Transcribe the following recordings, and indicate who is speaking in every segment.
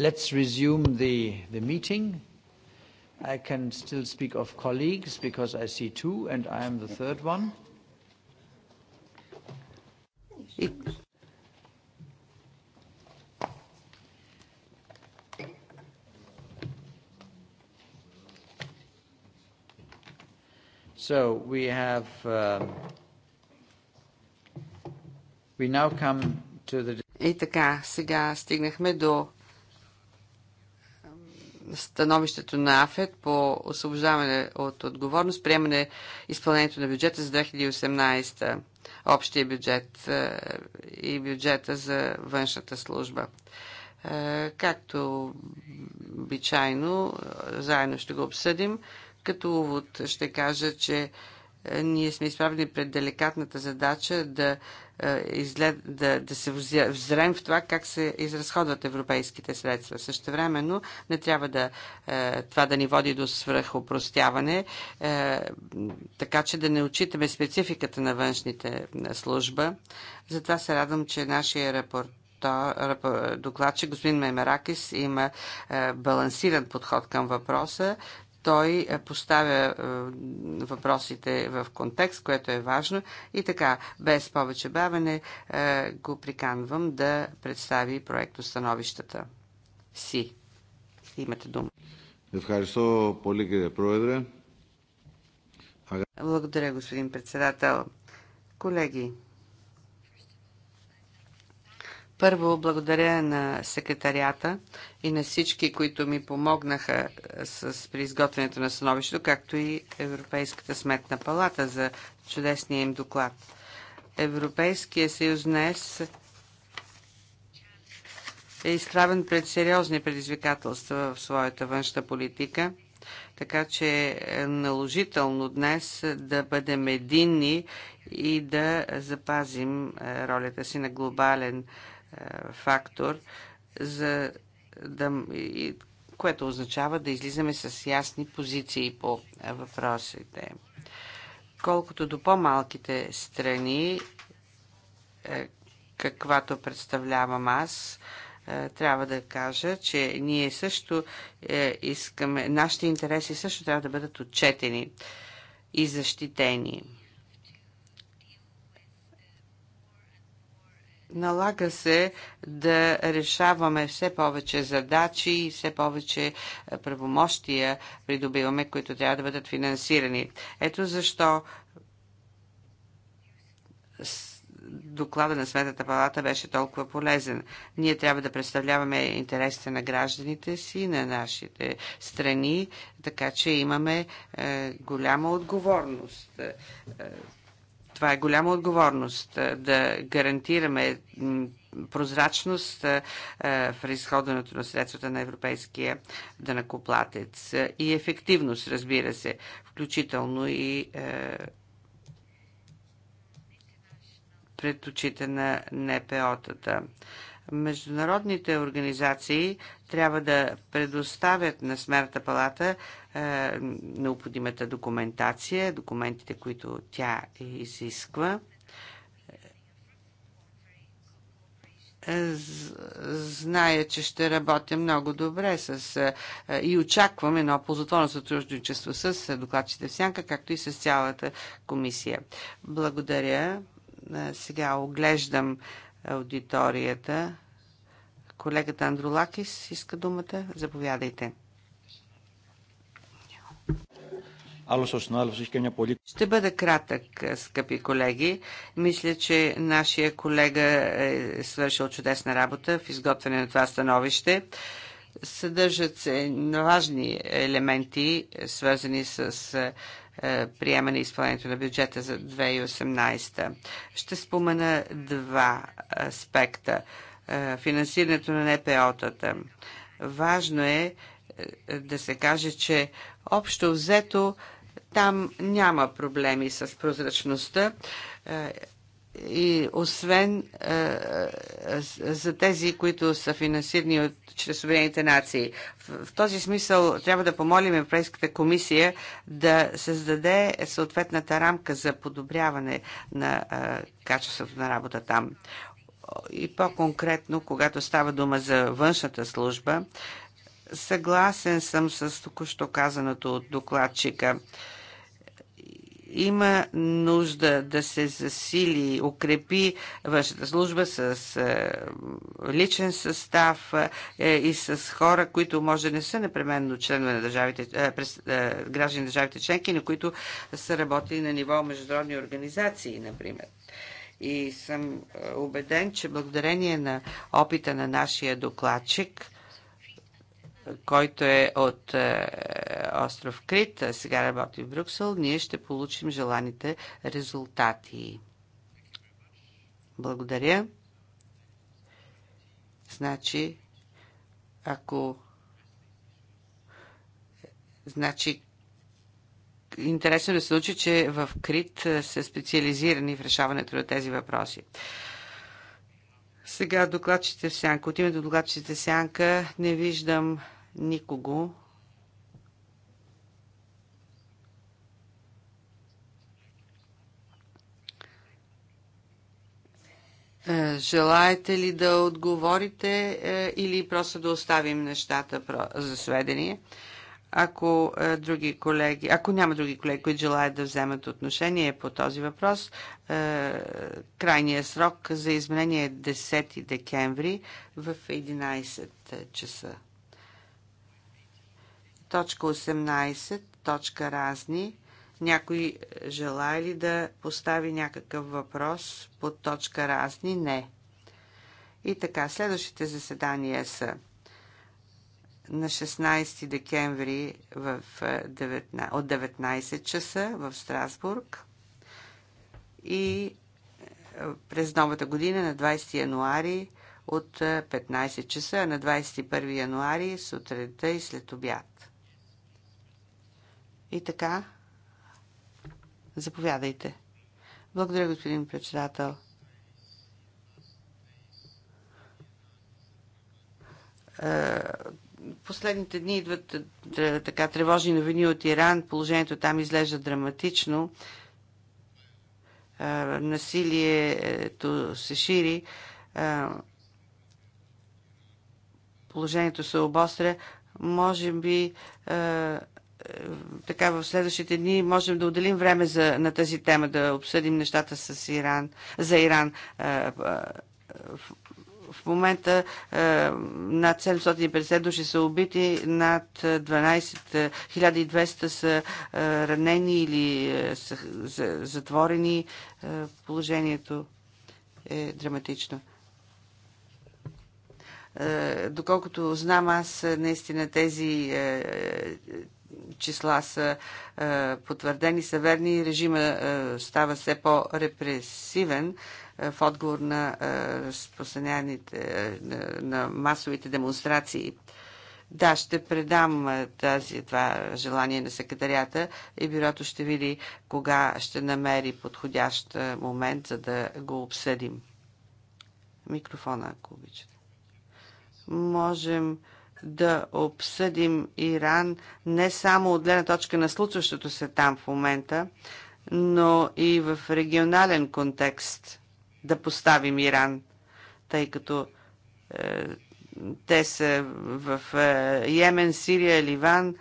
Speaker 1: Let's resume the, the meeting. I can still speak of colleagues because I see two and I am the third one. It, So we have, um, we now come to the... И така, сега стигнахме до становището на АФЕД по освобождаване от отговорност, приемане изпълнението на бюджета за 2018, общия бюджет е, и бюджета за външната служба. Е, както обичайно, е, заедно ще го обсъдим. Като увод ще кажа, че е, ние сме изправени пред деликатната задача да, е, излед, да, да се взрем в това как се изразходват европейските средства. Също времено не трябва да, е, това да ни води до свръхопростяване, така че да не отчитаме спецификата на външните служба. Затова се радвам, че нашия рапорт докладче господин Мемеракис има балансиран подход към въпроса той е, поставя е, въпросите в контекст, което е важно. И така, без повече бавене, е, го приканвам да представи проекто становищата си. Имате дума. Благодаря, господин председател. Колеги, първо, благодаря на секретарията и на всички, които ми помогнаха е, с, при изготвянето на становището, както и Европейската сметна палата за чудесния им доклад. Европейския съюз днес е изправен пред сериозни предизвикателства в своята външна политика, така че е наложително днес да бъдем единни и да запазим е, ролята си на глобален фактор, за да, което означава да излизаме с ясни позиции по въпросите. Колкото до по-малките страни, е, каквато представлявам аз, е, трябва да кажа, че ние също е, искаме, нашите интереси също трябва да бъдат отчетени и защитени. Налага се да решаваме все повече задачи и все повече е, правомощия придобиваме, които трябва да бъдат финансирани. Ето защо доклада на Сметната палата беше толкова полезен. Ние трябва да представляваме интересите на гражданите си, на нашите страни, така че имаме е, голяма отговорност. Е, това е голяма отговорност да гарантираме прозрачност в разходването на средствата на европейския данакоплатец и ефективност, разбира се, включително и пред очите на НПО-тата. Международните организации трябва да предоставят на Смертната палата е, необходимата документация, документите, които тя изисква. Е, зная, че ще работя много добре с, е, и очаквам едно ползотворно сътрудничество с е, докладчите в Сянка, както и с цялата комисия. Благодаря. Сега оглеждам аудиторията. Колегата Андролакис иска думата. Заповядайте. Ще бъда кратък, скъпи колеги. Мисля, че нашия колега е свършил чудесна работа в изготвяне на това становище. Съдържат се важни елементи, свързани с е, е, приемане и изпълнението на бюджета за 2018. Ще спомена два аспекта. Е, финансирането на НПО-тата. Важно е, е да се каже, че общо взето там няма проблеми с прозрачността и освен е, е, за тези, които са финансирани от чрез Обединените нации. В, този смисъл трябва да помолим Европейската комисия да създаде съответната рамка за подобряване на е, качеството на работа там. И по-конкретно, когато става дума за външната служба, съгласен съм с току-що казаното от докладчика. Има нужда да се засили, укрепи външната служба с е, личен състав е, и с хора, които може да не са непременно членове на държавите, е, граждани на държавите членки, но които са работили на ниво международни организации, например и съм убеден, че благодарение на опита на нашия докладчик който е от е, остров Крит, а сега работи в Брюксел, ние ще получим желаните резултати. Благодаря. Значи, ако. Значи, интересно да се случи, че в Крит са специализирани в решаването на тези въпроси. Сега докладчите в сянка. От името докладчите в сянка не виждам никого е, Желаете ли да отговорите е, или просто да оставим нещата за сведение? Ако е, други колеги, ако няма други колеги, които желаят да вземат отношение по този въпрос, крайният срок за изменение е 10 декември в 11 часа. Точка 18, точка разни. Някой желая ли да постави някакъв въпрос под точка разни? Не. И така, следващите заседания са на 16 декември в 19, е, от 19 часа в Страсбург и е, през новата година на 20 януари от 15 е, часа, а на 21 януари сутринта и след обяд. И така, заповядайте. Благодаря, господин председател. Е, последните дни идват е, така тревожни новини от Иран. Положението там изглежда драматично. Е, насилието се шири. Положението се обостря. Може би е, така в следващите дни можем да отделим време за, на тази тема, да обсъдим нещата с Иран, за Иран. Е, е, в, момента над 750 души са убити, над 12, 1200 са ранени или са затворени. Положението е драматично доколкото знам аз, наистина тези числа са е, потвърдени, са верни и режима е, става все по-репресивен е, в отговор на разпространяните на масовите демонстрации. Да, ще предам тази, това желание на секретарията и бюрото ще види кога ще намери подходящ момент, за да го обсъдим. Микрофона, ако обичате. Можем да обсъдим Иран не само от гледна точка на случващото се там в момента, но и в регионален контекст да поставим Иран, тъй като е, те са в е, Йемен, Сирия, Ливан.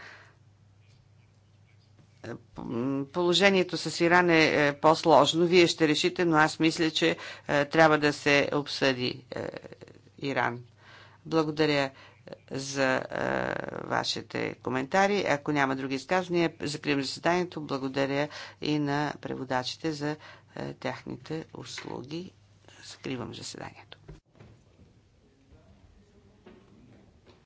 Speaker 1: Е, положението с Иран е, е, по-сложно. Вие ще решите, но аз мисля, че е, трябва да се обсъди е, Иран. Благодаря за а, вашите коментари. Ако няма други изказвания, закривам заседанието. Благодаря и на преводачите за а, тяхните услуги. Закривам заседанието.